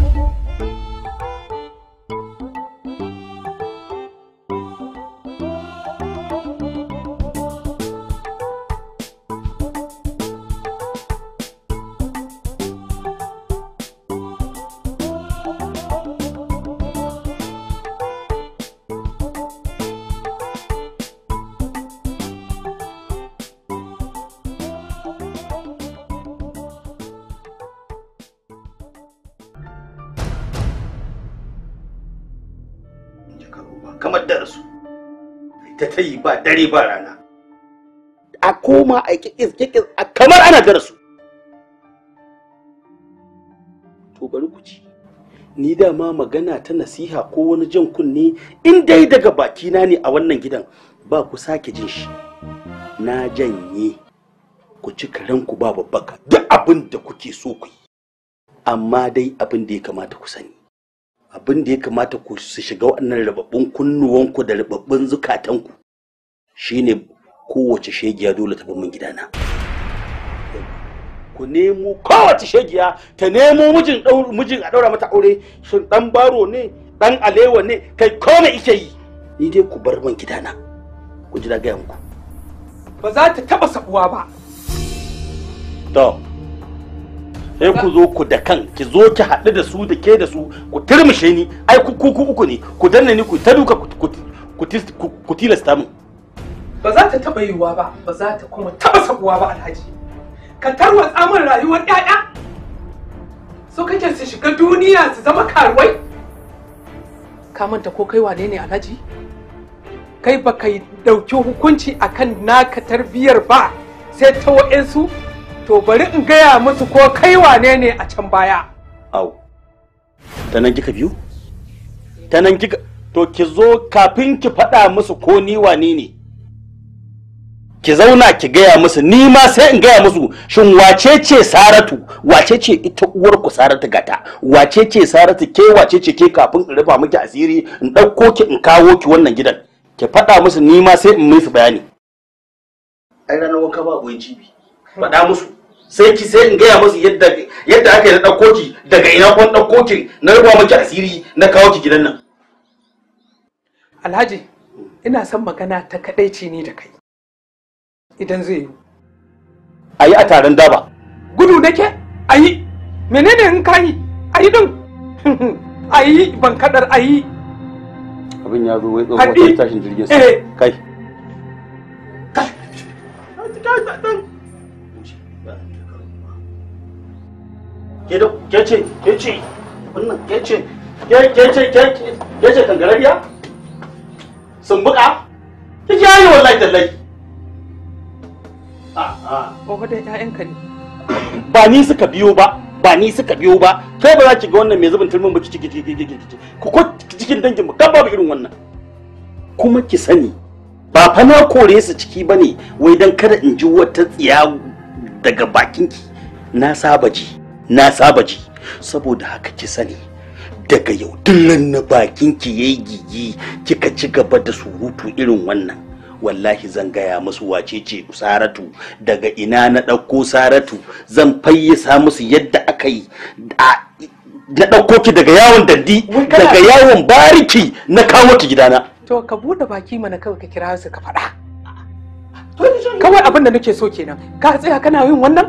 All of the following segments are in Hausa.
Thank you. ta ba dare ba rana a koma a kikis kikis a kamar ana darasu to bari ku ci ni dama magana ta nasiha ko wani jan kunne in dai daga bakina ne a wannan gidan ba ku sake jin shi na janye ku ci karenku ba babbaka duk abin da kuke so ku yi amma dai abin da ya kamata ku sani abin da ya kamata ku su shiga waɗannan rababbun kunnuwanku da rababbun zukatanku shine kowace shegiya dole ta min gidana ku nemo kowace shegiya ta nemo mijin mijin a daura mata aure shin dan baro ne dan alewa ne kai kome ike yi ni dai ku bar min gidana ku ji ga yanku ba za ta taba sabuwa ba to sai ku zo ku da kan ki zo ki haɗu da su da ke da su ku turmushe ni ai ku ku uku ne ku danna ni ku ta duka ku tilasta min ba za ta taɓa yiwuwa ba ba za ta kuma taɓa sabuwa ba alhaji ka tarwatsa min rayuwar 'ya'ya so kake su shiga duniya su zama karuwai ka manta ko kai wane ne alhaji kai ba kai ɗauki hukunci akan naka tarbiyyar ba sai ta wa'insu to bari in gaya musu ko kai wane ne a can baya au ta nan kika biyu ta nan kika to ki zo kafin ki faɗa musu ko ni wane ne ki zauna ki gaya musu ni ma sai in gaya musu shin wace ce saratu wace ce ita uwar ku saratu gata wace ce saratu ke wace ce ke kafin in rufa miki asiri in ɗauko ki in kawo ki wannan gidan ki faɗa musu ni ma sai in su bayani ai ranar wanka ba goyin cibi faɗa musu sai ki sai in gaya musu yadda yadda aka yi na ɗauko ki daga ina kun ɗauko ki na rufa miki asiri na kawo ki gidan nan alhaji ina son magana ta kadaici ni da kai idan zai yi a yi a taron daba gudu nake a yi menene in ka yi a yi din a ban kadar a abin ya zo wai tsohon tashin jirgin sama eh. kai ke ce ke wannan ke ke ce ke ce kangarabiya sun buka wallahi tallahi Ba ni suka biyo ba, ba ni suka biyo ba. Kai ba za ki ga wannan mai zubin turmin ba ki Ku ko cikin dangin mu kan babu irin wannan. Kuma ki sani ba fa na kore su ciki bane wai dan kada in ji wata tsiya daga bakin ki Na saba ji, na saba ji. Saboda haka ki sani daga yau bakin na ki yayi gigi kika ci gaba da surutu irin wannan. wallahi zan gaya musu wace ce saratu daga ina na ɗauko saratu zan fayyasa musu yadda aka yi na ɗauko ki daga yawon dandi daga yawon bariki na kawo ki gidana to ka buɗe baki mana kawai ka kira su ka faɗa kawai abin da nake so kenan ka tsaya kana yin wannan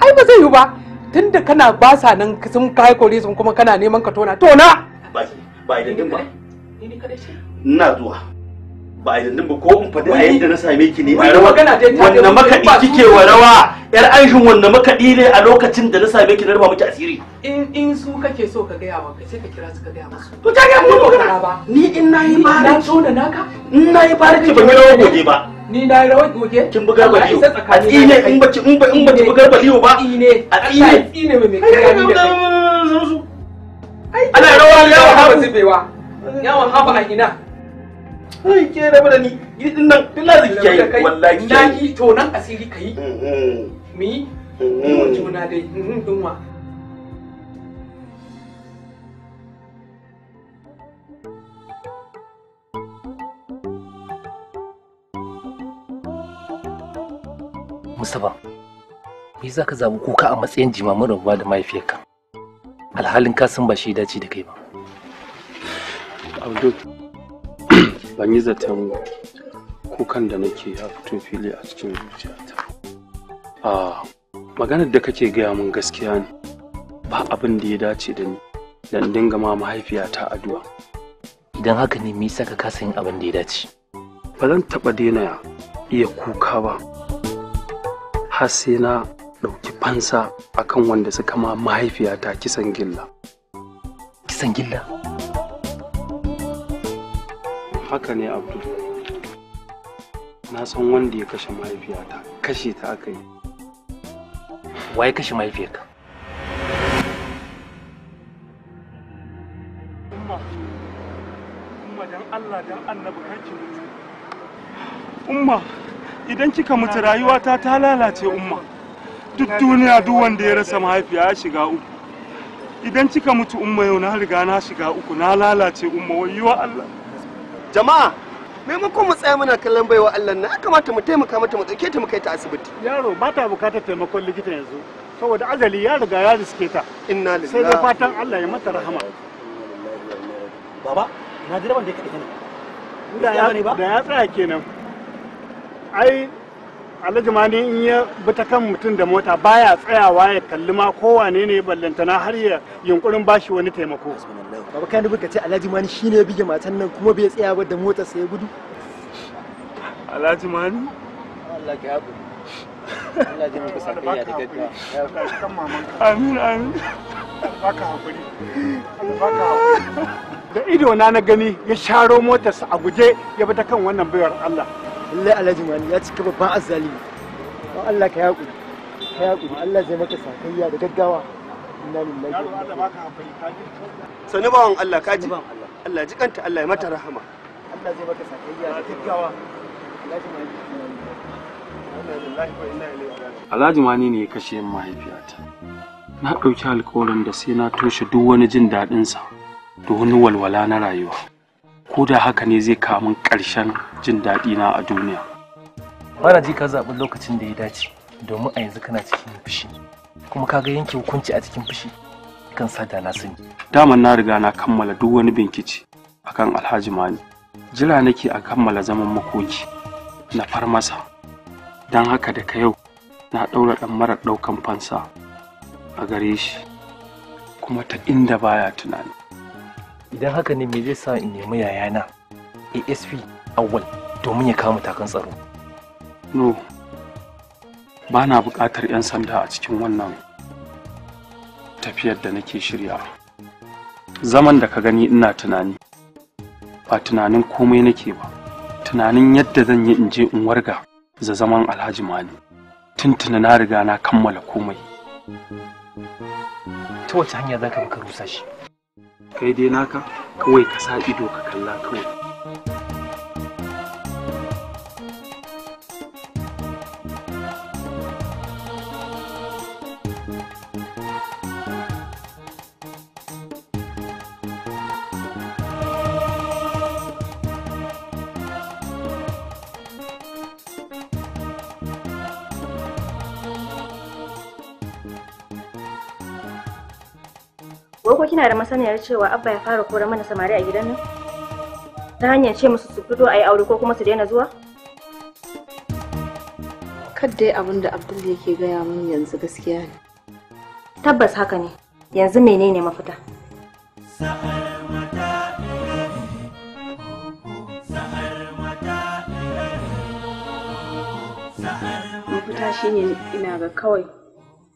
ai ba zai yi ba tunda kana ba sa nan sun kai kore sun kuma kana neman ka tona tona ba ba idan ba ina zuwa ba a yanzu ba ko in faɗi a yadda na same ki ne a rawa wanne makaɗi kike wa rawa yar aishin wanne makaɗi ne a lokacin da na same ki na rufa miki asiri in in su kake so ka gaya maka sai ka kira su ka gaya musu to ta ga mun magana ba ni in nayi bare na tona naka in nayi bare ki ban rawa goge ba ni na rawar goge kin bugar baliyo a tsine in baki in ba in baki bugar baliyo ba a tsine a tsine mai kira ni da ana rawa yawa haba zubewa yawa haba a ina Ai ke rabu da ni gidin nan duk na ziki yayi wallahi na yi to nan asiri kai. Mi mu juna dai dinwa. Mustapha, me za ka zamu kuka a matsayin jimamin rabuwa da mahaifiyarka? Alhalin ka san ba shi dace da kai ba. Abdul, ban yi zaton kukan da nake ya fito fili a cikin zuciyata a maganar da kake gaya min gaskiya ne ba abin da ya dace da ni da dinga ma mahaifiyata addu'a idan haka ne me yasa ka kasa abin da ya dace ba zan taɓa daina iya kuka ba har sai na ɗauki fansa akan wanda suka ma mahaifiyata kisan gilla kisan gilla haka ne abdul na san wanda ya kashe mahaifiyata kashe ta aka yi waye kashe mahaifiyarka Umma, idan kika mutu rayuwata ta lalace umma. Duk duniya duk wanda ya rasa mahaifiya ya shiga uku. Idan kika mutu umma yau na riga na shiga uku na lalace umma wayyo Allah. jama'a maimakon mu tsaya muna kallon baiwa Allah na kamata mu taimaka mata mu dauke ta mu kai ta asibiti yaro ba ta bukatar taimakon likita yanzu saboda azali ya riga ya riske ta inna lillahi sai da fatan Allah ya mata rahama baba na ji da wanda ya kaɗe kenan da ya tsaya kenan ai alhaji ma ne in ya bi ta kan mutum da mota baya tsayawa ya kalli ma kowane ne ballantana har ya yunkurin bashi wani taimako baba kai nufi ka ce alhaji ma shi ne ya bige matan nan kuma bai tsaya ba da motar sa ya gudu alhaji ma Allah ka haƙuri Allah ji muku sakayya da gaggawa amin amin baka haƙuri baka haƙuri da ido na na gani ya sharo motarsa a guje ya bi ta kan wannan bayar Allah Allah alhaji mani ya cika babban azzali Ba allah ka yaƙuri ka yaƙuri allah zai maka sakayya da gaggawa inna lillahi sani bawan allah ka ji allah jikanta allah ya mata rahama allah zai maka sakayya da gaggawa alhaji mani alhaji mani ne ya kashe mahaifiyata na ɗauki alkawarin da sai na toshe duk wani jin daɗinsa da wani walwala na rayuwa ko da haka ne zai kawo min ƙarshen jin daɗi na a duniya fara ji ka zaɓi lokacin da ya dace domin a yanzu kana cikin fushi kuma kaga yanke hukunci a cikin fushi kan da na sani daman na riga na kammala duk wani binkici akan alhaji mani jira nake a kammala zaman makoki na farmasa, masa don haka daga yau na ɗaura ɗan marar ɗaukan fansa a gare shi kuma ta inda baya tunani idan haka ne me zai sa in nemi yayana asp awal domin ya kama takan tsaro no ba na buƙatar 'yan sanda a cikin wannan tafiyar da nake shirya zaman da ka gani ina tunani ba tunanin komai nake ba tunanin yadda zan yi in je in warga za zaman alhaji mani tuntuna na riga na kammala komai ta wace hanya za ka rusa shi kai dai naka kawai ka sa ido ka kalla kawai ko kina da masaniyar cewa abba ya fara kora mana samari a gidan nan ta hanyar ce musu su fito a yi aure ko kuma su daina zuwa kadai abin da abdul yake gaya min yanzu gaskiya ne tabbas haka ne yanzu menene mafita mafita shine ina ga kawai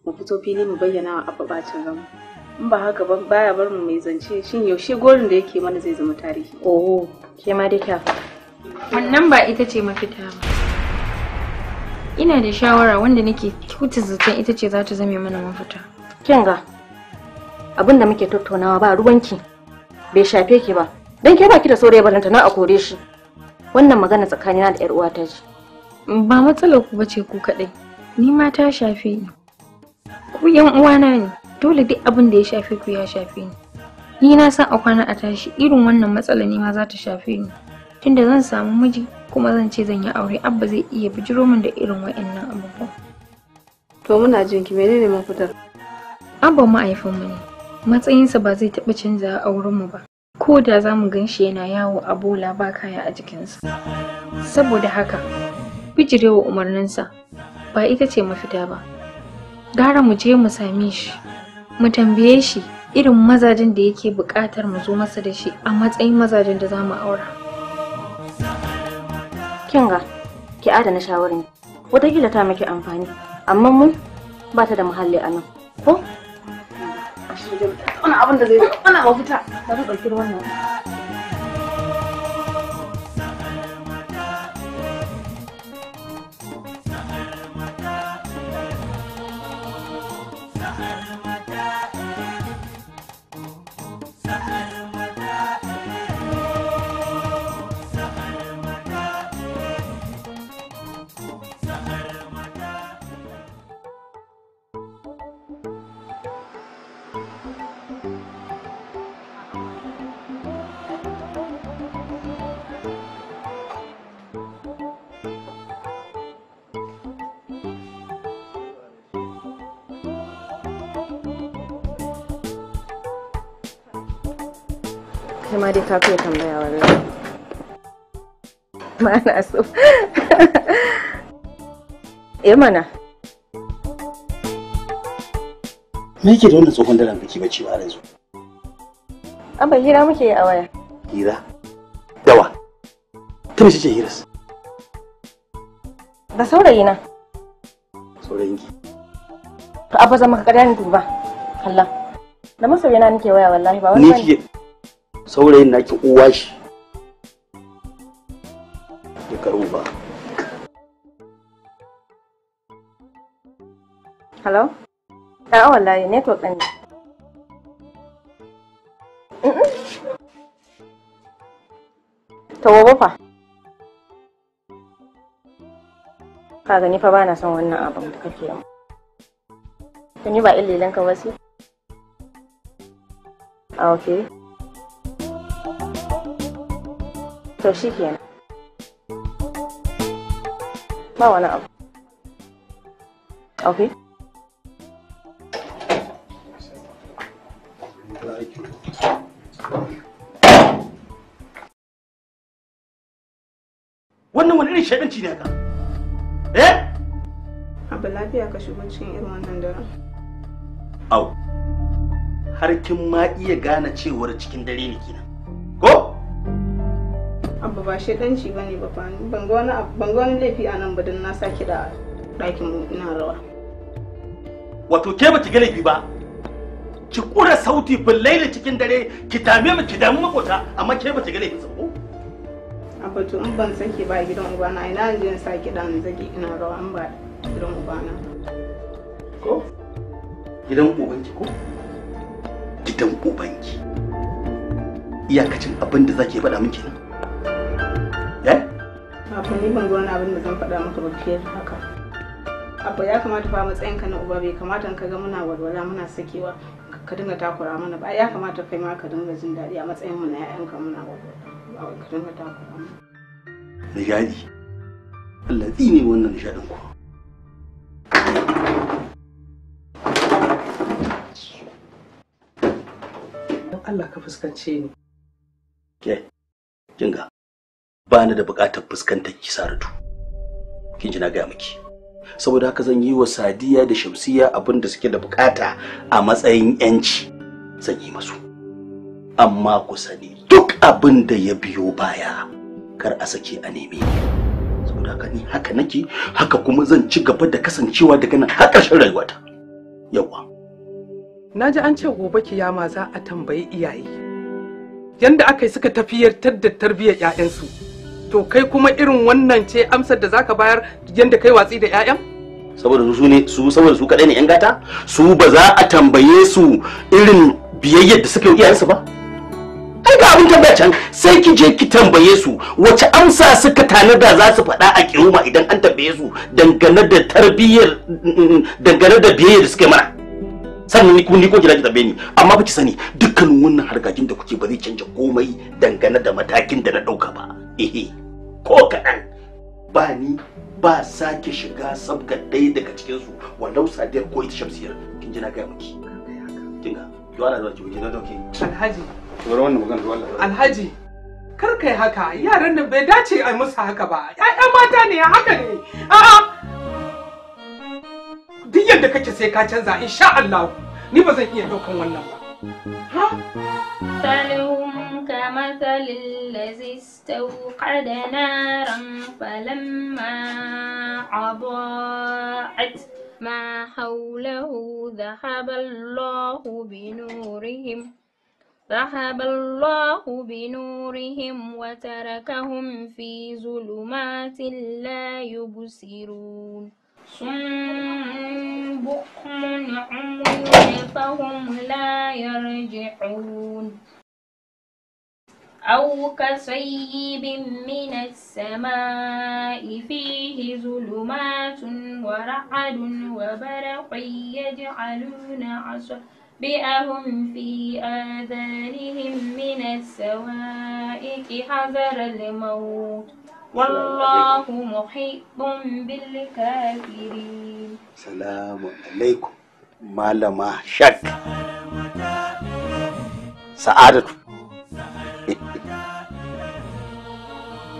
mu fito fili mu bayyana wa abba bacin ranmu in ba haka ba baya bar mu mai zance shin yaushe gorin da yake mana zai zama tarihi oh ke ma da kyafa wannan ba ita ce mafita ba ina da shawara wanda nake kyauta zaton ita ce za ta zame mana mafita kin ga abinda muke tattaunawa ba ruwanki bai shafe ki ba dan ke ki da saurayi balanta na a kore shi wannan magana tsakanina da yar uwata ce ba matsalar ku bace ku kadai ni ma ta shafe ni ku yan uwana ne dole duk abin da ya shafe ku ya shafe ni ni na san a kwana a tashi irin wannan matsala ne ma za ta shafe ni tunda zan samu miji kuma zan ce zan yi aure abba zai iya bijiro min da irin wa'annan abubuwa to muna jin ki menene mafitar abba ma'aifin mu ne matsayinsa ba zai taɓa canza a mu ba ko da za mu gan shi yana yawo a bola ba kaya a jikinsa saboda haka bijirewa umarninsa ba ita ce mafita ba gara mu je mu same shi mu tambaye shi irin mazajen da yake buƙatar mu zo masa da shi a matsayin mazajen da za mu aura. Kinga, ki adana shawarin. Wataƙila ta maki amfani, amma mu ba ta da muhalli a nan, ko? Wani abin da zai wani mafita, ta ɗauki wannan. kai ma dai ka fiye tambaya wallahi ma na so eh mana me yake da wannan tsohon daren biki bacci ba yanzu bai hira muke a waya hira dawa. ta mace ce hiras da saurayi na saurayin ki to abba zan maka ƙarya ni duba Allah da masoyana nake waya wallahi ba wani ne saurayin naki uwa shi ya karo ba hello a wallahi to ɗin tawo fa ka gani fa bana son wannan abin da kake yi to ni ba illilan ka wasi a ah, okay to shi kenan ba wani abu ok wannan wani irin shaɗanci ne ka eh abu lafiya ka shigo cikin irin wannan dare au har kin ma iya gane cewar cikin dare ne kenan ba shaidanci bane ba fa ban ga wani laifi a nan ba don na saki da ɗakin ina rawa wato ke ba ki ga laifi ba ki kura sauti billaili cikin dare ki dame mu ki damu makota amma ke ba ki ga laifin sako abba to in ban saki ba gidan ubana ina jin sa dan zagi ina rawa an ba gidan ubana ko gidan ubanki ko gidan ubanki iyakacin abin da zake faɗa min kenan Abu ni ban ga wani abin da zan faɗa maka ba fiye da haka. Abu ya kamata fa matsayin ka na uba bai kamata ka ga muna walwala muna sakewa ka dinga takura mana ba ya kamata kai ma ka dinga jin daɗi a matsayin mu na ka muna walwala ka dinga takura mana. Nishadi. Allah ne wannan nishadin ku. Don Allah ka fuskance ni. Ke, kinga. ba ni da buƙatar fuskantar ki saratu kin ji na gaya miki saboda haka zan yi wa sadiya da shamsiya abin da suke da bukata a matsayin yanci zan yi masu amma ku sani duk abin da ya biyo baya kar a sake a neme saboda haka ni haka nake haka kuma zan ci gaba da kasancewa daga nan har ƙarshen rayuwata yawa na ji an ce gobe kiyama za a tambayi iyaye yanda aka yi suka tafiyar da tarbiyyar 'ya'yansu to kai kuma irin wannan ce amsar da zaka bayar yadda kai watsi da 'ya'yan saboda su ne su saboda su kadai ne yan gata su ba za a tambaye su irin biyayyar da suka yi iyayensu ba ai ga abin tambaya can sai ki je ki tambaye su wace amsa suka tanada za su faɗa a kiruma idan an tambaye su dangane da tarbiyyar dangane da biyayyar da suka mana sannan ni ni ko ki tambaye ni amma ba ki sani dukkan wannan hargajin da kuke ba zai canja komai dangane da matakin da na ɗauka ba ehe ko kaɗan ba ni ba sake shiga sabga ɗaya daga cikinsu walau sadiyar ko ita shamsiyar kin jina na gaya miki kin ga ki wala zuwa ki ki da dauke alhaji bar wannan magana to Allah alhaji kar kai haka yaran nan bai dace a musu haka ba ƴaƴa mata ne haka ne a duk yadda kake sai ka canza insha Allah ni ba zan iya daukan wannan ba ha كمثل الذي استوقد نارا فلما أضاءت ما حوله ذهب الله بنورهم ذهب الله بنورهم وتركهم في ظلمات لا يبصرون صم بكم عمي فهم لا يرجعون أو كصيب من السماء فيه ظلمات ورعد وبرق يجعلون عصبئهم في آذانهم من السوائك حذر الموت والله محيط بالكافرين سلام عليكم لما شك سعادتكم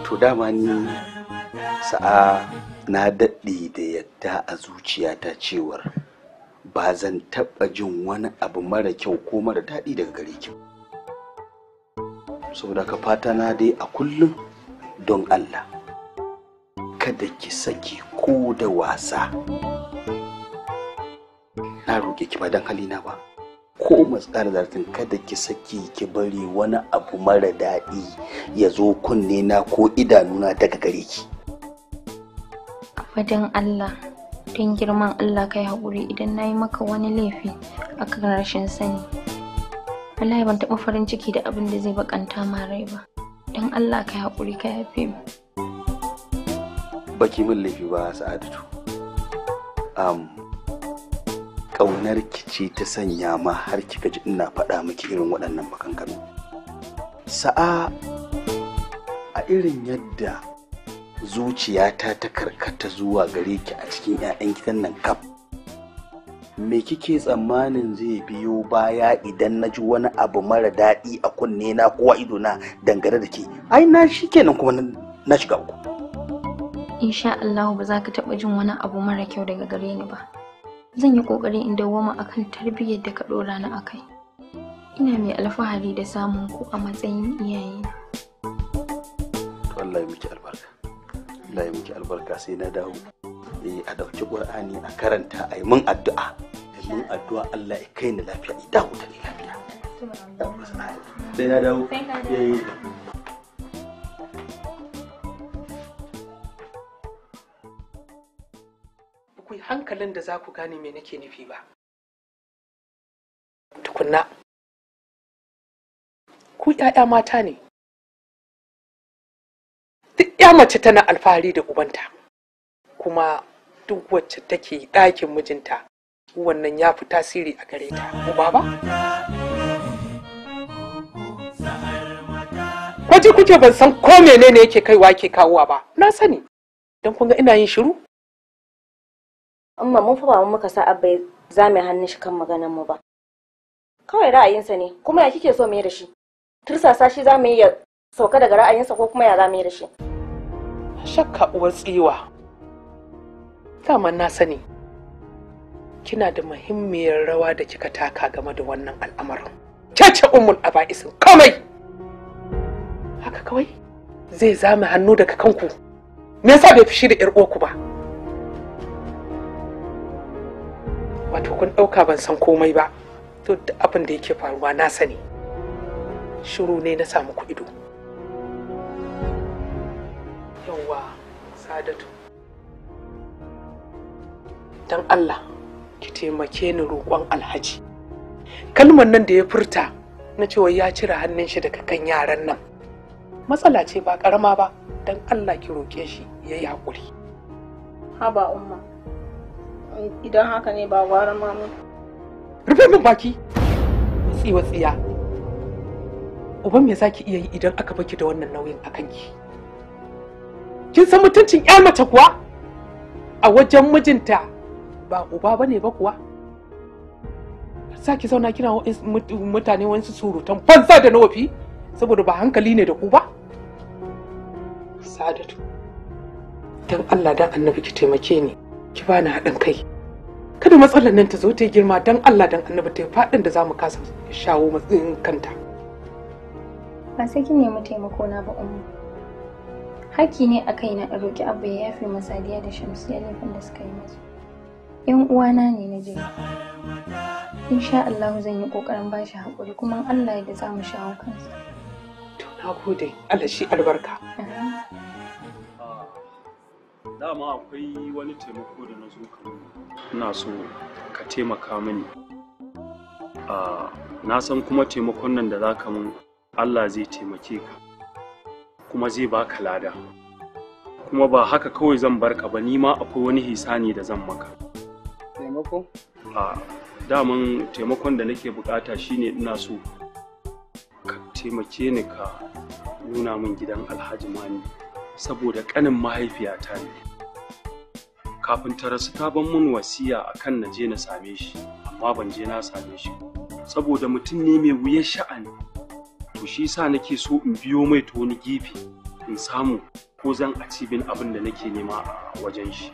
to dama ni sa'a na daɗe da yadda a zuciyata cewar ba zan taɓa jin wani abu mara kyau ko mara daɗi daga gare ki saboda ka fata na dai a kullum don allah kada ki saki ko da wasa na roƙe ki ba don halina ba ko matsar zartin kada ki saki ki bari wani abu mara daɗi ya zo kunne na ko idanuna daga gare ki abadan Allah don girman Allah kai hakuri idan na yi maka wani laifi akan rashin sani wallahi ban taɓa farin ciki da abin da zai bakanta ma rai ba don Allah kai haƙuri ka yafe mu baki min laifi ba sa'adatu kaunar ki ce ta sanya ma har kika ji ina faɗa miki irin waɗannan maganganu sa'a a irin yadda zuciyata ta karkata zuwa gare ki a cikin 'ya'yan gidan nan kaf me kike tsammanin zai biyo baya idan na ji wani abu mara daɗi a kunne na ko ido na dangane da ke ai na shi kenan kuma na shiga uku insha Allah ba za ka taɓa jin wani abu mara kyau daga gare ni ba zan yi ƙoƙarin in dawwama akan tarbiyyar da ka ɗora ni akai ina mai alfahari da samun ku a matsayin iyaye. to Allah ya miki albarka Allah ya miki albarka sai na dawo eh a dauki Qur'ani a karanta a yi min addu'a mun addu'a Allah ya kai ni lafiya ita ku ta lafiya sai na dawo sai dawo eh. ku yi hankalin da za ku gane me nake nufi ba tukunna ku ‘ya'ya mata ne duk ‘ya mace tana alfahari da ubanta kuma duk wacce take ɗakin mijinta wannan ya fi tasiri a gare ta uba ba kwaji kuke ban san ko menene yake kaiwa ke kawowa ba na sani don kun ga ina yin shiru amma mun fa ba mun muka sa abba za zame hannu shi kan maganar mu ba kawai ra'ayinsa ne kuma ya kike so mu yi da shi tursasa shi za mu yi ya sauka daga ra'ayinsa ko kuma ya za mu yi da shi shakka uwar tsiwa dama na sani kina da muhimmiyar rawa da kika taka game da wannan al'amarin cece umul aba'isin komai haka kawai zai zame hannu daga kanku me yasa bai fishi da 'yar uwarku ba wato kun ɗauka ban san komai ba to duk abin da yake faruwa na sani shiru ne na samu ku ido yawwa sadatu don allah ki taimake ni roƙon alhaji kalmar nan da ya furta na cewa ya cire hannun shi daga kan yaran nan matsala ce ba ƙarama ba don allah ki roƙe shi ya yi haƙuri haba umma idan haka ne ba gwara mamu rufe min baki tsiwa tsiya uban me zaki iya yi idan aka baki da wannan nauyin a kanki kin san mutuncin ƴar mace kuwa a wajen mijinta ba uba bane ba kuwa Saki ki zauna kina mutane wasu surutan banza da nawafi saboda ba hankali ne da ku ba sadatu don allah don annabi ki taimake ni ki bani haɗin kai kada matsalar nan ta zo ta yi girma don Allah don annabi ta yi faɗin da za mu kasa shawo matsayin kanta. Ba sai kin nemi taimako na ba umu. Haki ne a kaina in roƙi abu ya yafe masadiya da ya laifin da suka yi masu. Yan uwana ne na Insha Allah zan yi ƙoƙarin ba shi haƙuri kuma Allah ya da za mu shawo kansa. To na gode, Allah shi albarka. dama akwai wani taimako da na zo ina so ka taimaka mini na san kuma taimakon nan da za ka mun allah zai taimake ka kuma zai baka lada kuma ba haka kawai zan bar ka ba ni ma akwai wani hisani da zan maka taimako a daman taimakon da nake bukata shine ina so ka taimake ni ka nuna min gidan alhaji mani saboda kanin mahaifiyata ne kafin ta rasu ta ban mun wasiya akan na je na same shi amma ban je na same shi saboda mutum ne mai wuyar sha'ani to shi sa nake so in biyo mai ta wani gefe in samu ko zan a acibin abin da nake nema a wajen shi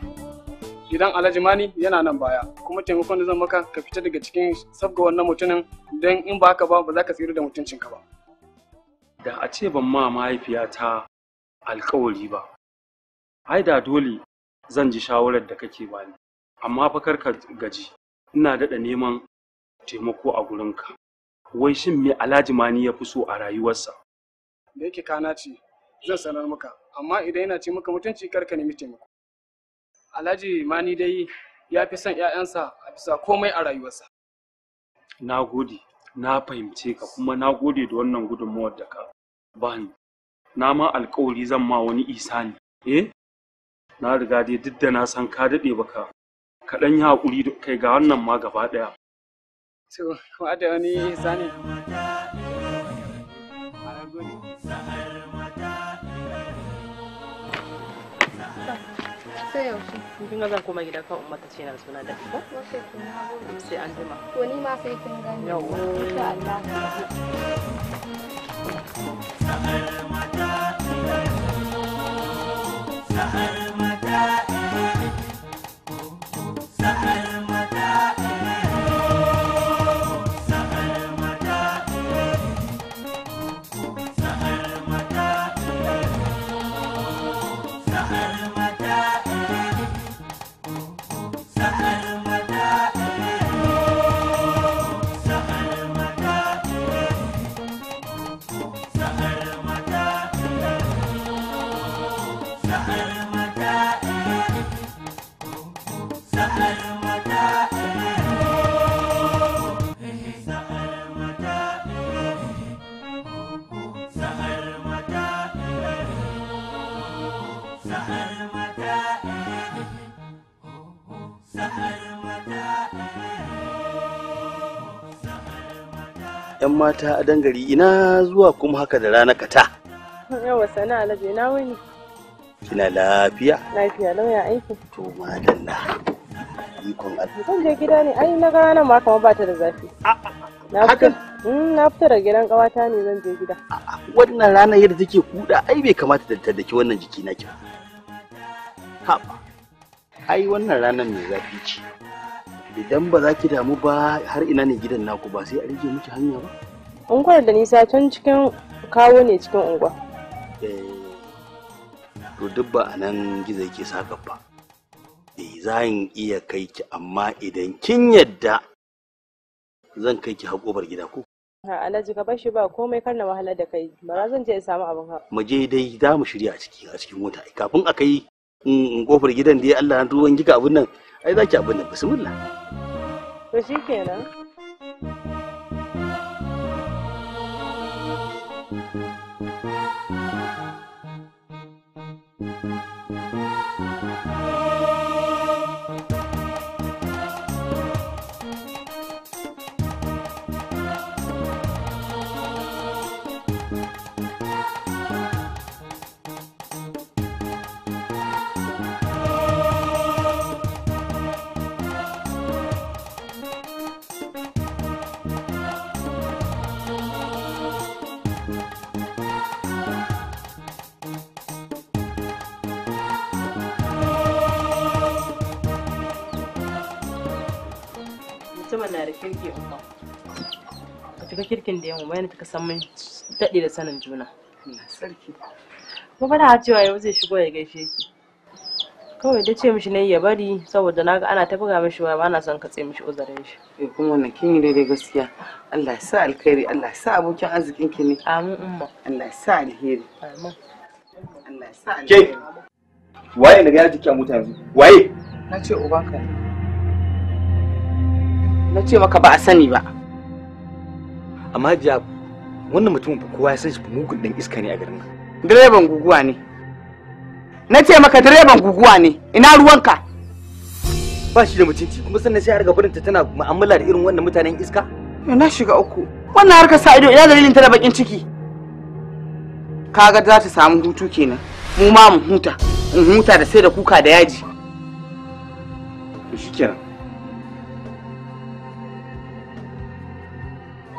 gidan alhaji mani yana nan baya kuma taimakon da zan maka ka fita daga cikin sabga wannan mutumin don in ba ka ba ba za ka tsira da mutuncinka ba da a ce ban ma mahaifiyata alkawari ba ai da dole zan ji shawarar da kake bani amma fa kar ka gaji ina daɗa neman taimako a gurin ka. wai shin me alhaji mani ya fi so a rayuwarsa da yake kana ce zan sanar maka amma idan yana ce maka mutunci kar ka nemi taimako alhaji mani dai ya fi son 'ya'yansa a bisa komai a rayuwarsa na gode na fahimce ka kuma na gode da wannan gudunmuwar da ka bani na ma alkawari zan ma wani isa ne eh na riga dai duk da na san ka daɗe baka kaɗan yi haƙuri kai ga wannan ma gaba ɗaya. To, wa da wani zane. Sai yaushe. Kun ga zan koma gida kan umma ce na suna da ko? Sai an jima. To ni ma sai kun gani. Yawwa. Allah. mata a dangari ina zuwa kuma haka da rana kata. Yawa sana alaji na wuni. Kina lafiya? Lafiya lauya aiki. To na. Ikon alfi. Zan je gida ne ai na gana ma kamar ba ta da zafi. Hakan? Na fita mm, da gidan kawata ne zan je gida. Wannan rana yadda take kuda ai bai kamata da taddaki wannan jiki na ki. Ha. Ai wannan ranar mai zafi ce. idan ba za ki damu ba har ina ne gidan naku ba sai a rage miki hanya ba unguwar da nisa can cikin kawo ne cikin unguwa eh, to duk ba a nan gizo yake saka ba eh, za in iya kai ki amma idan kin yadda zan kai ki haƙobar gida ko ha alhaji ka bashi ba komai kar na wahala da kai bara zan je in samu abin ha mu je dai za mu shirya a ciki a cikin mota kafin a kai in kofar gidan dai Allah na ruwan gika abin nan ai zaki abin nan bismillah to shikenan sakin da yamma bayan ta san mun daɗe da sanin juna sarki kuma bana cewa yau zai shigo ya gaishe ki kawai da ce mishi ne ya bari saboda na ga ana ta buga mishi ba na son ka mishi uzurin shi eh kuma wannan kin yi daidai gaskiya Allah ya sa alkhairi Allah ya sa abokin arzikin ki ne amin umma Allah ya sa alheri amin Allah ya sa alheri waye na ga yaji jiki a yanzu waye na ce ubanka na ce maka ba a sani ba amma jiya wannan mutumin fa kowa ya san shi mugun dan iska ne a garin nan direban guguwa ne na ce maka direban guguwa ne ina ruwanka ba shi da mutunci kuma sannan sai ga barinta tana mu'amala da irin wannan mutanen iska na shiga uku wannan harkar sa ido ina dalilin ta da bakin ciki kaga za ta samu hutu kenan mu ma mu huta mu huta da sai da kuka da yaji shikenan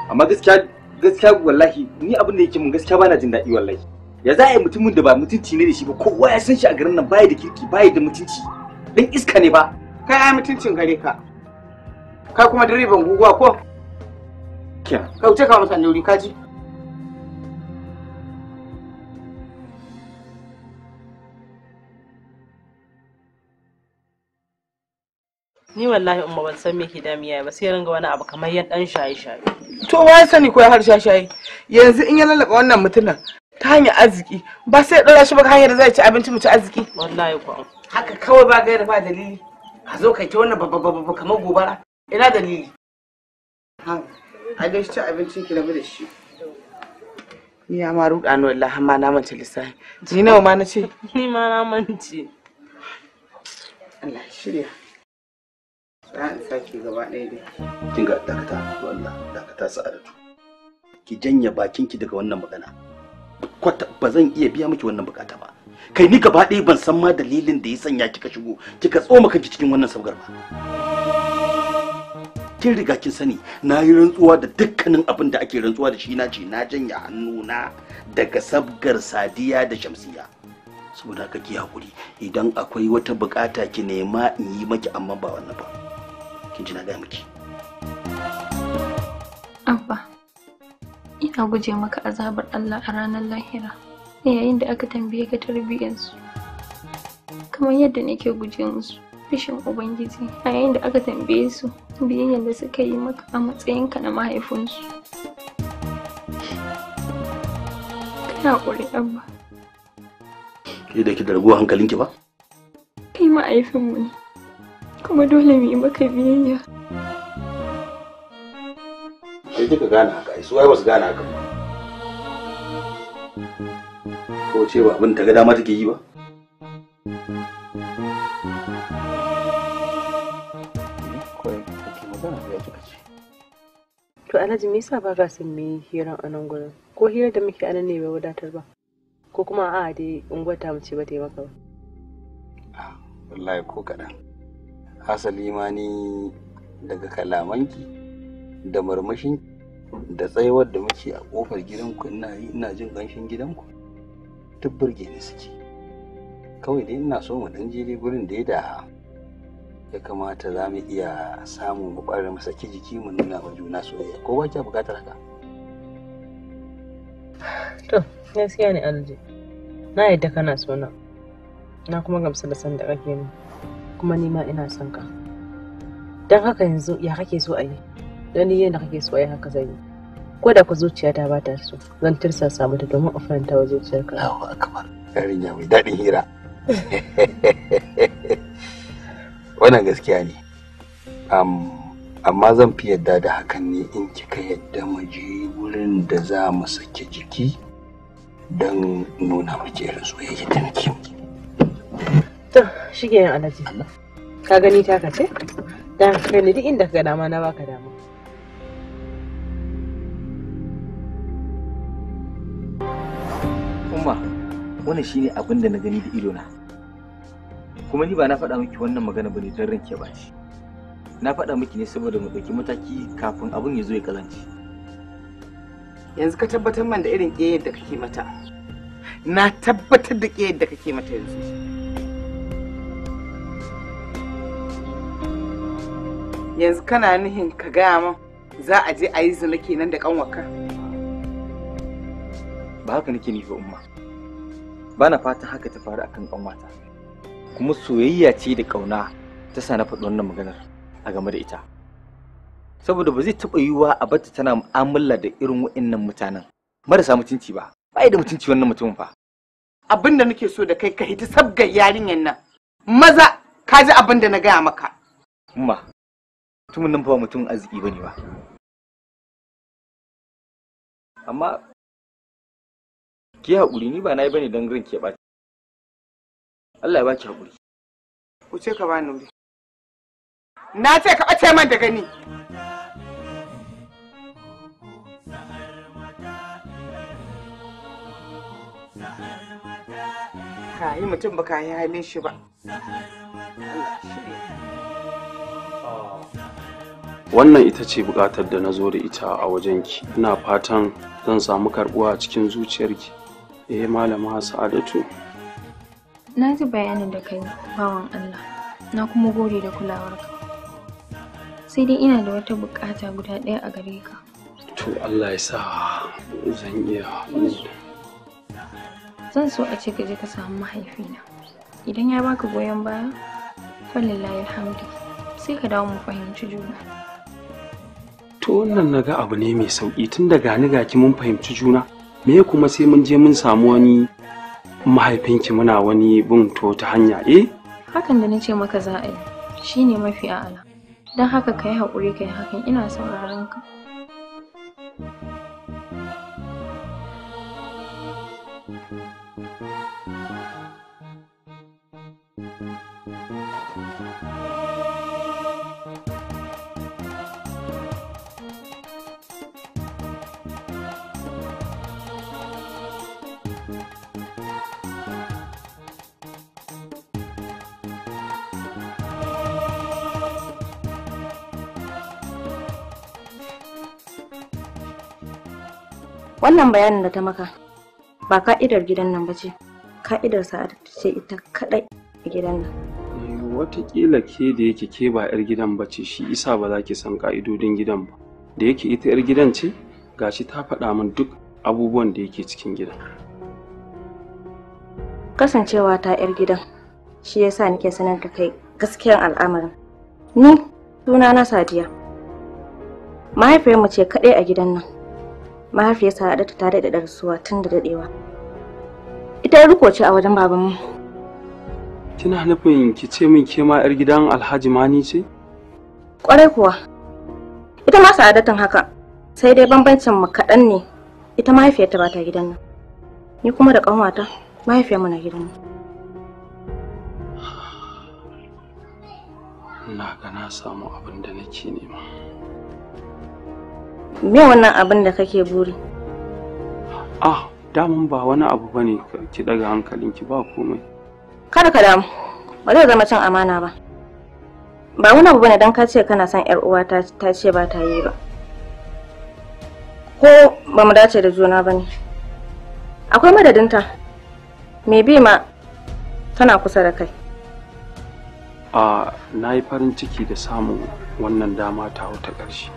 amma gaskiya gaskiya wallahi ni abin da yake mun gaskiya bana jin daɗi wallahi ya za a yi mutumin da ba mutunci ne da shi ba kowa ya san shi a garin nan baya da kirki baya da mutunci dan iska ne ba kai ai mutuncin gare ka kai kuma direban guguwa ko kenan ka wuce ka masa nauri ka ji ni wallahi umma ban san me ke damiya ba sai ringa wani abu kamar yan dan shaye shaye to wai sani ko ya har shaye yanzu in ya lalaba wannan mutumin ta hanyar arziki ba sai dora shi ba hanyar da zai ci abinci mu ci arziki wallahi ko haka kawai ba gaira ba dalili ka zo kai ta wannan babba babba kamar gobara ina dalili a ci abincin ki rabu da shi ya ma ruɗa ni wallahi ma na mance lissafi ji nawa ma na ce ni ma na mance Allah shirya za in gaba ɗaya dai kin ga dakata Allah dakata sa'adatu ki janya bakinki daga wannan magana kwata ba zan iya biya miki wannan bukata ba kai ni gaba ɗaya ban san ma dalilin da ya sanya kika shigo kika tsoma kanki cikin wannan sabgar ba kin riga kin sani na yi rantsuwa da dukkanin abin da ake rantsuwa da shi na ce na janya hannuna daga sabgar sadiya da shamsiya saboda haka ki hakuri idan akwai wata bukata ki nema in yi maki amma ba wannan ba kin ji miki abba ina guje maka azabar Allah a ranar lahira yayin da aka tambaye ka tarbiyyarsu kamar yadda nake guje musu fishin ubangiji a yayin da aka tambaye su biyayyar da suka yi maka a matsayinka na mahaifinsu kana ƙuri abba ke da ki da hankalinki ba kai mahaifinmu ne kuma dole mu yi maka biyayya sai duka gane haka ai su ai wasu gane haka ko ce ba abin ta ga dama take yi ba To Alhaji me yasa ba ka son mu hiran anan gurin? Ko hirar da muke anan ne bai wadatar ba? Ko kuma a'a dai unguwar ta mu ce ba ta yi maka ba? Ah, wallahi ko kaɗan. hasali ma ni daga kalamanki da marmashin da tsayuwar da muke a kofar gidanku ina yi ina jin ganshin gidanku duk burge ni suke kawai dai ina so mu dan je gurin da ya da ya kamata za mu iya samun mu ƙwarar mu saki jiki mu nuna wa juna soyayya ko ba kya buƙatar haka to gaskiya ne alji na yadda kana so na na kuma gamsu da san da kake ni kuma ni ma ina son ka don haka yanzu ya kake so a yi don ni yadda kake so a yi haka zai yi ko da ku zuciya ta bata ta so zan tirsa samu ta domin a faranta wa ka. Allahu akbar ya mai daɗin hira wannan gaskiya ne amma zan fi yadda da hakan ne in kika yadda mu je wurin da za mu sake jiki don nuna maki irin soyayya da nake to ke yin alaji ka gani taka ce dan kai duk inda ka dama na baka dama umma wannan shine abin da na gani da ido na kuma ni ba na faɗa miki wannan magana bane don ranke ba shi na faɗa miki ne saboda mu ɗauki mataki kafin abin ya zo ya kazanci yanzu ka tabbatar man da irin ƙeyar da kake mata na tabbatar da ƙeyar da kake mata yanzu yanzu kana nihin ka gaya min za a je a yi zina kenan da kanwaka ba haka nake nufi umma ba na fatan haka ta faru akan kanwata kuma soyayya ce da kauna ta sa na faɗi wannan maganar a game da ita saboda ba zai taɓa yiwuwa a bata tana mu'amala da irin wa'innan mutanen marasa mutunci ba ba da mutunci wannan mutumin fa abin da nake so da kai ka hita sabgar yarinyar nan maza ka ji abin da na gaya maka umma mutumin nan fa mutum arziki bane ba amma ki haƙuri ni ba na yi bane don ran ke ɓaci Allah ya baki haƙuri wuce ka ni wuri na ce ka ɓace man da gani ka yi mutum ba ka yi halin shi ba Allah shirya wannan ita ce buƙatar da na zo da ita a wajenki ina fatan zan samu karɓuwa a cikin zuciyarki eh malama sa'adatu na ji bayanin da kai bawan allah na kuma gode da kulawarka sai dai ina da wata buƙata guda ɗaya a gare ka to allah ya sa zan iya zan so a ce ka je ka samu mahaifina idan ya baka goyon baya falillahi alhamdu sai ka dawo mu fahimci juna to wannan naga abu ne mai sauki tun da gani ki mun fahimci juna me kuma sai mun je mun samu wani mahaifinki muna wani bin to ta hanya eh hakan da nace maka za a yi shine mafi a'ala don haka ka yi haƙuri ka yi hakan ina sauraron ka wannan bayanin da ta maka ba ka'idar gidan nan ba ce ka'idar sa'ad ce ita kadai a gidan nan watakila ke da yake ke ba 'yar gidan ba ce shi isa ba za ki san ka'idodin gidan ba da yake ita 'yar gidan ce gashi ta faɗa min duk abubuwan da yake cikin gidan kasancewa ta 'yar gidan shi yasa nake sanar da kai gaskiyan al'amarin ni sunana sadiya mahaifiyarmu ce kaɗai a gidan nan mahaifiyarsa Sa'adatu ta daɗe da rasuwa tun da dadewa. Ita ya ce a wajen babanmu. Kina nufin ki ce min ke ma 'yar gidan Alhaji Mani ce? Kwarai kuwa. Ita ma sa'adatan haka, sai dai bambancin mu kaɗan ne. Ita mahaifiyarta ba ta gidan nan. Ni kuma da ƙanwata mahaifiyarmu na gidan nan. Na ga na samu abin da nake nema. me wannan abin da kake buri ah damun ba wani abu bane ki daga hankalinki ba komai kada ka damu ba zai zama cin amana ba ba wani abu bane dan ka ce kana son yar uwa ta ta ce ba ta yi ba ko ba mu dace da juna bane akwai madadinta me bi ma tana kusa da kai a ah, na yi farin ciki da samun wannan dama ta wata ƙarshe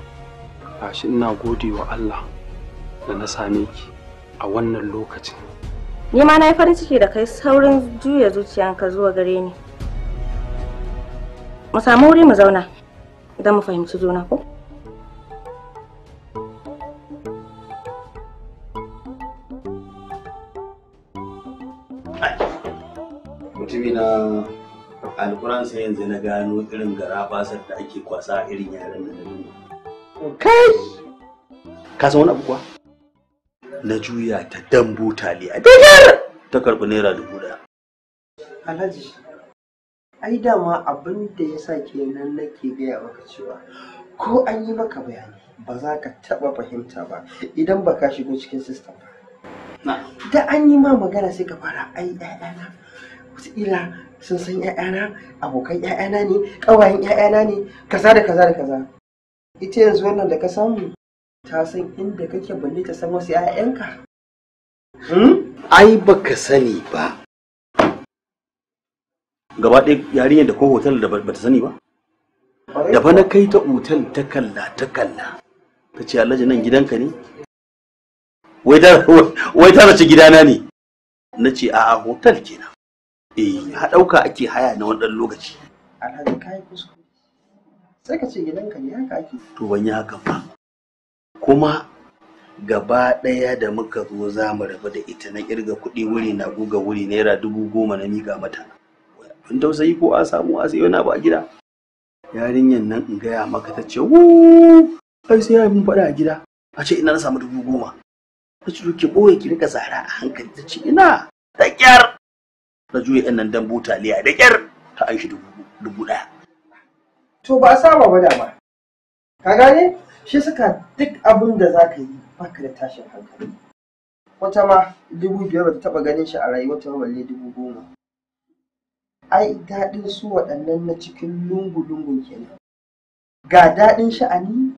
gashi ina gode wa Allah da na same ki a wannan lokacin ni ma na yi farin ciki da kai saurin juya zuciyanka zuwa gare ni mu samu wuri mu zauna don mu fahimci juna ko mutumina alkuran sai yanzu na gano irin garabasar da ake kwasa irin yaran da na Kai! Ka san wani abu kuwa? Na juya ta dambu taliya. Dagar! Ta karɓi naira dubu ɗaya. Alhaji, ai dama abin da ya sa kenan nake gaya maka cewa ko an yi maka bayani ba za ka taɓa fahimta ba idan ba ka shigo cikin sistem ba. Da an yi ma magana sai ka fara ai ‘ya'yana wataƙila sun san ‘ya'yana abokan ‘ya'yana ne ƙawayen ‘ya'yana ne kaza da kaza da kaza. ita yanzu wannan da ka samu ta san inda kake balle ta san wasu 'ya'yanka hmm? ai baka sani ba gaba ɗaya yarinyar da ko hotel da ta sani ba da fa na kai ta otal ta kalla ta kalla ta ce alhaji nan gidanka ne wai ta ci gidana ne na ce a hotel kenan eh ha ɗauka ake haya na wani ɗan lokaci alhaji kai kusa sai ka ce gidanka ne haka ake to ban yi haka kuma gaba ɗaya da muka zo za mu rabu da ita na kirga kuɗi wuri na guga wuri naira dubu goma na miƙa mata in tausayi ko a samu a sai na ba gida yarinyan nan in gaya maka ta ce ai sai ya mun faɗa a gida a ce ina na samu dubu goma ta ce ki ɓoye ki rika tsara a hankali ta ce ina da ƙyar na juya yan nan dan butaliya da ƙyar ta aishi dubu ɗaya to ba saba ba dama ka gane shi suka duk abin da za ka yi baka da tashin hankali wata ma dubu biyar ba ta taba ganin shi a rayuwarta ta balle dubu goma ai daɗin su waɗannan na cikin lungu-lungu kenan ga daɗin sha'ani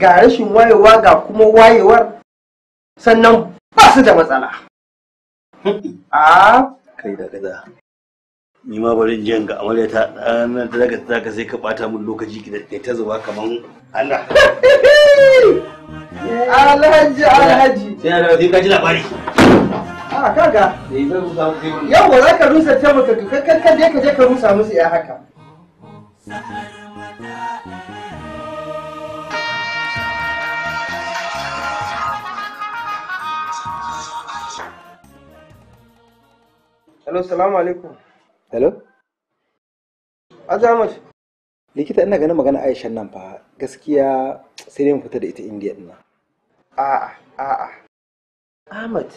ga rashin wayewa ga kuma wayewar sannan ba su da matsala a ah. kai da gaza ni ma bari jiyan ga amarya ta ɗanar da zaka zaka sai ka ɓata min lokaci ki da ta zuba kaman Allah. Alhaji Alhaji. Sai ya dawo sai ka ji labari. A kaga. Eh, Yawwa za ka rusa ta maka ka kakkan da ka je ka rusa musu ya haka. Hello, salamu alaikum. hello azamat likita ina ganin magana Aisha nan fa gaskiya sai dai mu fita da ita India din nan a'a a'a ahmad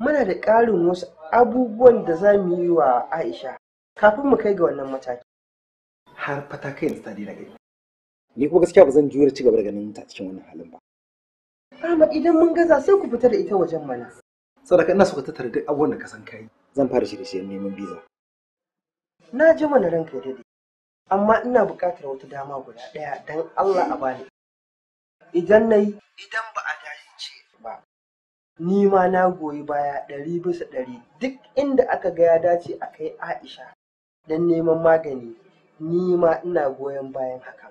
muna da ƙarin wasu abubuwan da za mu yi wa aisha kafin mu kai ga wannan mataki har fata kai yanzu ta daina gani ni kuma gaskiya ba zan jure ci gaba da ganin ta cikin wannan halin ba Ahmad idan mun gaza sai ku fita da ita wajen mana. Sadaka ina so ka tattara duk abubuwan da ka san kai. Zan fara shirye shiryen neman biza. na ji mana ranka ya daɗe amma ina buƙatar wata dama guda ɗaya don Allah a bani idan na yi idan ba a dace ba ni ma na goyi baya ɗari bisa ɗari duk inda aka ga ya dace a kai Aisha don neman magani ni ma ina goyon bayan haka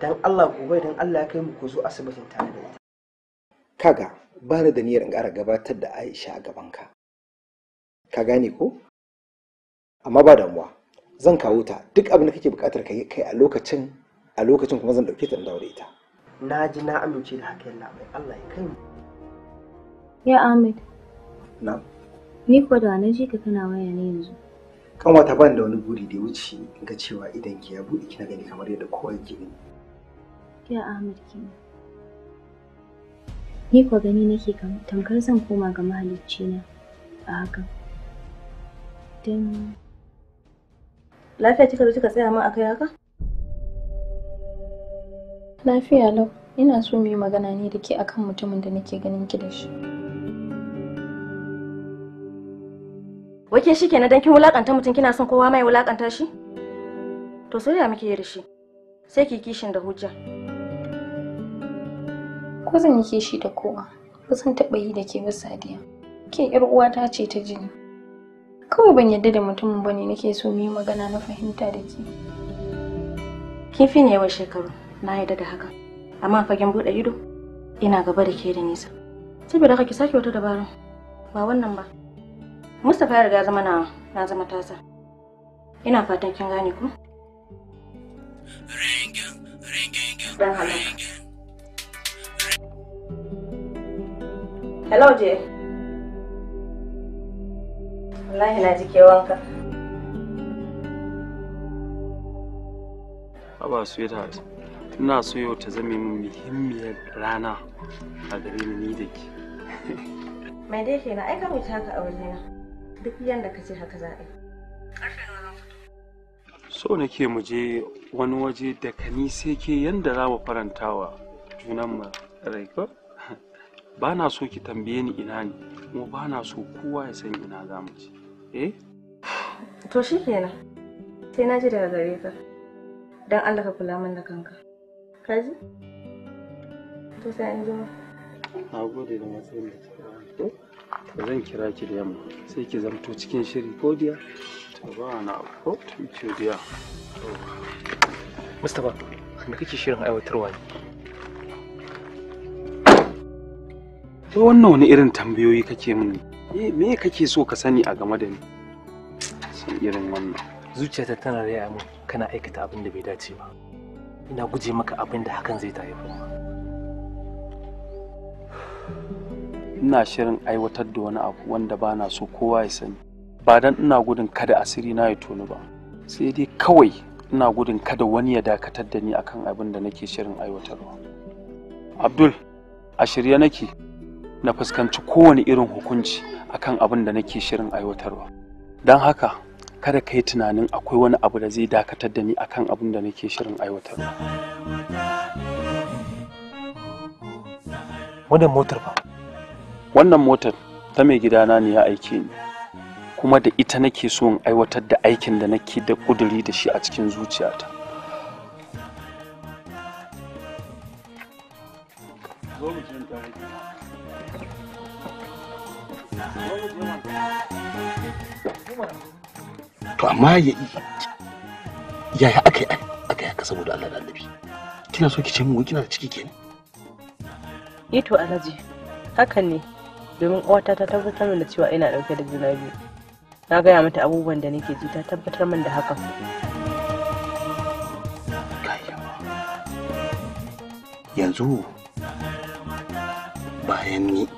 don Allah gobe don Allah ya kai mu ku zo asibitin tare da ita kaga ba da niyyar in ƙara gabatar da Aisha a gabanka ka gane ko amma ba damuwa zan kawo ta duk abin da kake buƙatar ka yi kai a lokacin a lokacin kuma zan ɗauke ta in dawo da ita na ji na amince da haka yalla mai Allah ya kai ya Ahmed na ni ko da na ji ka kana waya ne yanzu kan wata ban da wani buri da ya wuce ga cewa idan ki ya buɗe kina gani kamar yadda kowa ke gani ya Ahmed ki ni ko gani nake kan tamkar zan koma ga mahalicci na a hakan don Lafiya kika zo kika tsaya min akai haka? Lafiya lau. Ina so mu yi magana ne da ke akan mutumin da nake ganin ki da shi. Wake shi kenan dan kin wulakanta mutum kina son kowa mai wulakanta shi? To sai ya muke da shi. Sai ki kishin da hujja. Ko zan yi kishi da kowa? Ba zan taɓa yi da ke ba Sadiya. kin 'yar uwata ce ta jini. kawai ban yadda da mutumin ba ne nake so mu magana na fahimta da ke kin fi ne yawan shekaru na yadda da haka amma fagen buɗe ido ina gaba da ke da nisa saboda haka ki sake wata dabara ba wannan ba Mustapha ya riga zama na na zama tasa ina fatan kin gane ku. Hello, Jay. wallahi na ji kewanka Aba sweetheart ina so yau ta zame min muhimmiyar rana a gare ni da ke mai dai kenan ai ka mutu haka a wajena duk yanda ka ce haka za a yi so nake mu je wani waje da ka ni sai ke yanda za mu farantawa junanmu rai ko ba na so ki tambaye ni ina ne kuma ba na so kowa ya san ina za mu je Eh? To shi shikenan sai na ji daga gare ka don allah ka kula min da kanka ka ji to sai an jima na gode da matsayin da kika to zan kira ki da yamma sai ki zamto cikin shiri ko diya to ba na ko to diya Mustapha me kake shirin aiwatarwa ne to wannan wani irin tambayoyi kake mini Eh, me kake so ka sani a game da ni sai irin wannan zuciyata tana raya min kana aikata abin da bai dace ba ina guje maka abin da hakan zai ta haifar ina shirin aiwatar da wani abu wanda ba na so kowa ya sani ba dan ina gudun kada asiri na ya tonu ba sai dai kawai ina gudun kada wani ya dakatar da ni akan abin da nake shirin aiwatarwa abdul a shirye nake na fuskanci kowane irin hukunci akan abin da nake shirin aiwatarwa don haka kada ka yi tunanin akwai wani abu da zai dakatar da ni akan abin da nake shirin aiwatarwa wannan motar ba wannan motar ta mai gidana ne ya aike ni kuma da ita nake so in aiwatar da aikin da nake da kuduri da shi a cikin zuciyata Thank you. to amma ya yaya aka yi aka yi haka saboda Allah da annabi kina so ki ce mun kina da ciki ke? eh to alhaji hakan ne domin uwata ta tabbatar min da cewa ina dauke da juna biyu na gaya mata abubuwan da nake ji ta tabbatar min da hakan yanzu bayan ni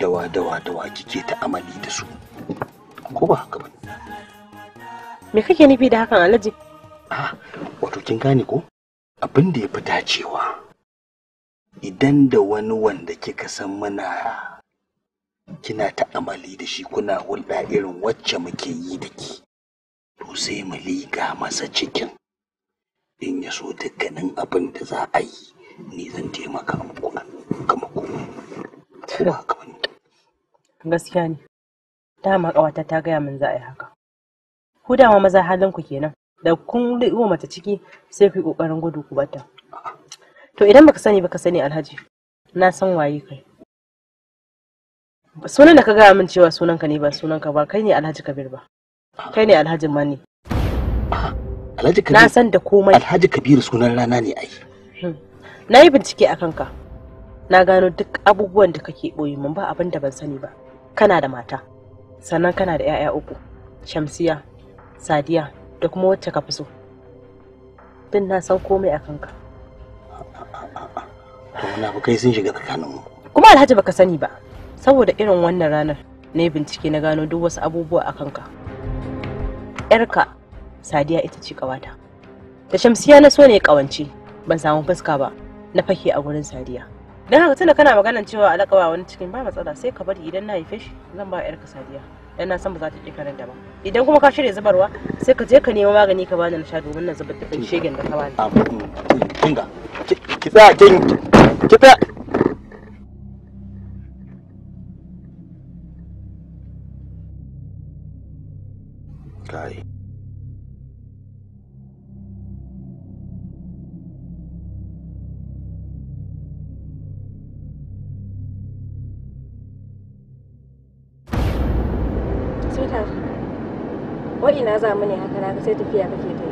dawa dawa dawa kike ta amali da su ko ba haka ba me kake nufi da hakan alhaji ah wato kin gane ko abin da ya fi dacewa idan da wani wanda kika san muna kina ta amali da shi kuna hulɗa irin wacce muke yi da ki to sai mu liga masa cikin in ya so dukkanin abin da za a yi ni zan taimaka muku kan kuma kuma Gaskiya ne. Dama ƙawata ta gaya min za a yi haka. Ku dama maza halin ku kenan. Da kun wa mata ciki sai ku yi ƙoƙarin gudu ku bata. To idan baka sani baka sani Alhaji. Na san waye kai. Sunan da ka gaya min cewa sunanka ne ba sunanka ba kai ne Alhaji Kabir ba. Kai ne Alhaji Mani. Alhaji Kabir. Na san da komai. Alhaji Kabir sunan rana ne ai. Hmm. Na yi bincike a kanka. Na gano duk abubuwan da kake ɓoye mun ba abin da ban sani ba. kana da mata sannan kana da 'ya'ya uku shamsiya sadiya da kuma wacce ka fi so bin na san komai a kanka to wani abu kai sun shiga tsakaninmu kuma alhaji baka sani ba saboda irin wannan ranar na bincike na gano duk wasu abubuwa a kanka yarka sadiya ita ce kawata da shamsiya na so ne kawance ban samu fuska ba na fake a gurin sadiya don haka tunda kana maganan cewa alakawa wani cikin ba matsala sai ka bari idan na haife shi zan ba yarka sadiya dan na san ba za ta ƙi karen da ba idan kuma ka shirya zubarwa sai ka je ka nemi magani ka bani na sha domin na zubar da ɗan shegen da ka bani. Ah, mm, kinga ki tsaya kin ki tsaya Okay. Sweetheart, wa'ina za mu ne haka na sai tafiya kake ta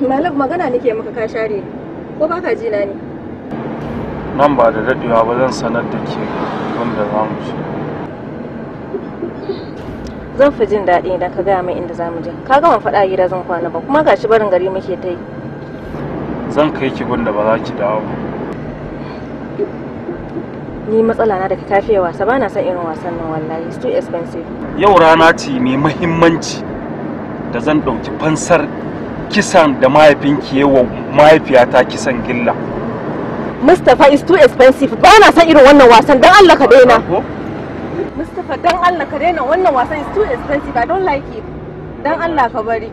yi. malam magana nake maka ka share ko ba ka jina na ne? Nan ba da daɗewa ba zan sanar da ke wanda za mu ci. Zan fi jin daɗi idan ka gaya mai inda za mu je. Ka gama faɗa gida zan kwana ba kuma gashi barin gari muke ta yi. Zan kai ki gunda ba za ki dawo ba. ni matsala na da ka tafiya wasa ba na son irin wasan nan wallahi it's too expensive yau rana ce mai muhimmanci da zan ɗauki fansar kisan da mahaifinki ya wa mahaifiyata kisan gilla Mustapha is too expensive ba na son irin wannan wasan don Allah ka daina Mustapha don Allah ka daina wannan wasan is too expensive I don't like it don Allah ka bari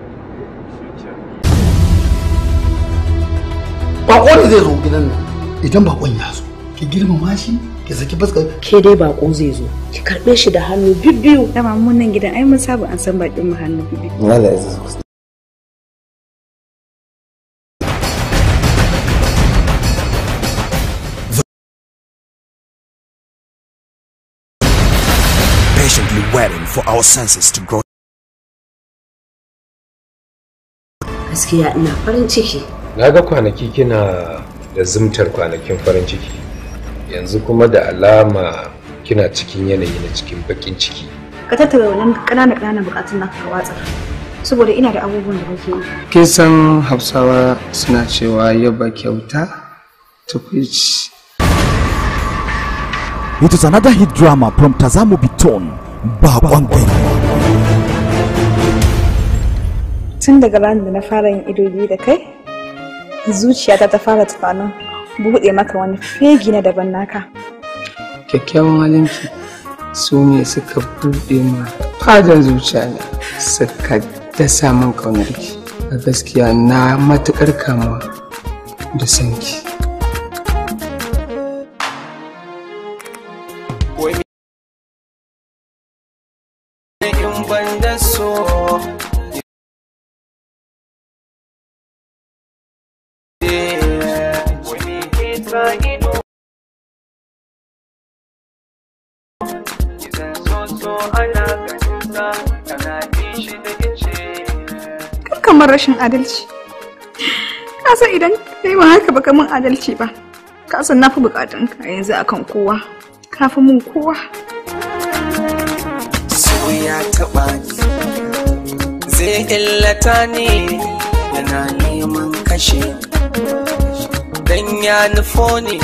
Bako da zai zo gidan nan idan bakon ya zo ki girma shi ki saki fuskar ke dai bako zai zo ki karbe shi da hannu bibbiyu dama mun nan gidan ai mun saba an san bakin mu hannu bibbiyu Allah ya zo patiently waiting for our senses to grow gaskiya ina farin ciki na ga kwanaki kina da zumtar kwanakin farin ciki yanzu kuma da alama kina cikin yanayi na cikin bakin ciki ka tattara wannan ƙananan ƙananan bukatun naka ka watsa saboda ina da abubuwan da kake yi kin san hausawa suna cewa yaba kyauta tukwici It is another hit drama from Tazamo Biton, Bagwange. Tun daga ranar da na fara yin ido biyu da kai, zuciyata ta fara tunanin buɗe maka wani fegi na daban naka kyakkyawan halinki su ne suka buɗe ma fadar zuciya ne suka dasa min ƙaunarki a gaskiya na matuƙar kamuwa da sanki min rashin adalci ka san idan kai ma haka baka min adalci ba ka san na fi bukatun ka yanzu akan kowa ka fi mun kowa ya taɓa ni zai illata ni yana neman kashe dan ya nufo ne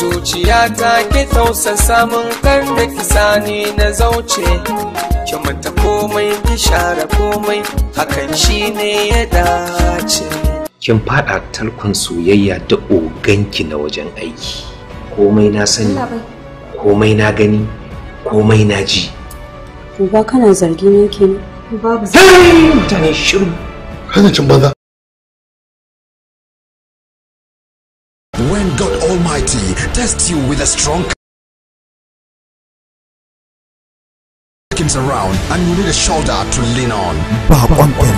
zuciya ta ke tausasa samun kar da ki sani na zauce ki mata komai ki share komai hakan shine ya dace kin fada talkon soyayya da oganki na wajen aiki komai na sani komai na gani komai na ji ba kana zargi ne ke babu zai mutane shiru kana cin banza God Almighty test you with a strong around and you need a shoulder to lean on. Ba kwankwam.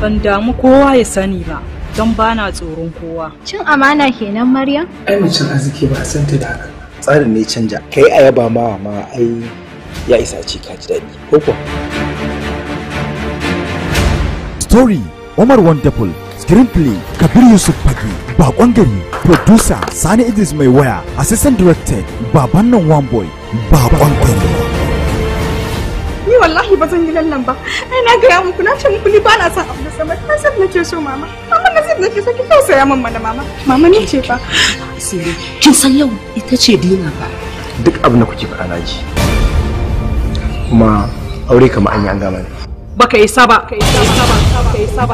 Ban damu kowa ya sani ba, don ba na tsoron kowa. Cin amana kenan Maryam? Ai mucin arziki ba san ta da haka. Tsarin ne canja, kai ayaba ma ma ai ya isa ce ka ji daɗi, ko kuwa? Story Omar Wonderful screenplay kabir yusuf fage bakon gari producer sani idris mai waya assistant director baban nan one boy bakon gari ni wallahi ba zan yi lallan ba ai na gaya muku na ce muku ni ba na san abu da sama na san nake so mama mama na san nake so ki tausaya min mana mama mama ni ce fa sirri kin san yau ita ce dina ba duk abin da kuke faɗa na ji kuma aure kamar an yi an gama ne baka isa saba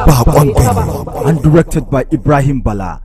Bakon Benny, and directed by Ibrahim Bala.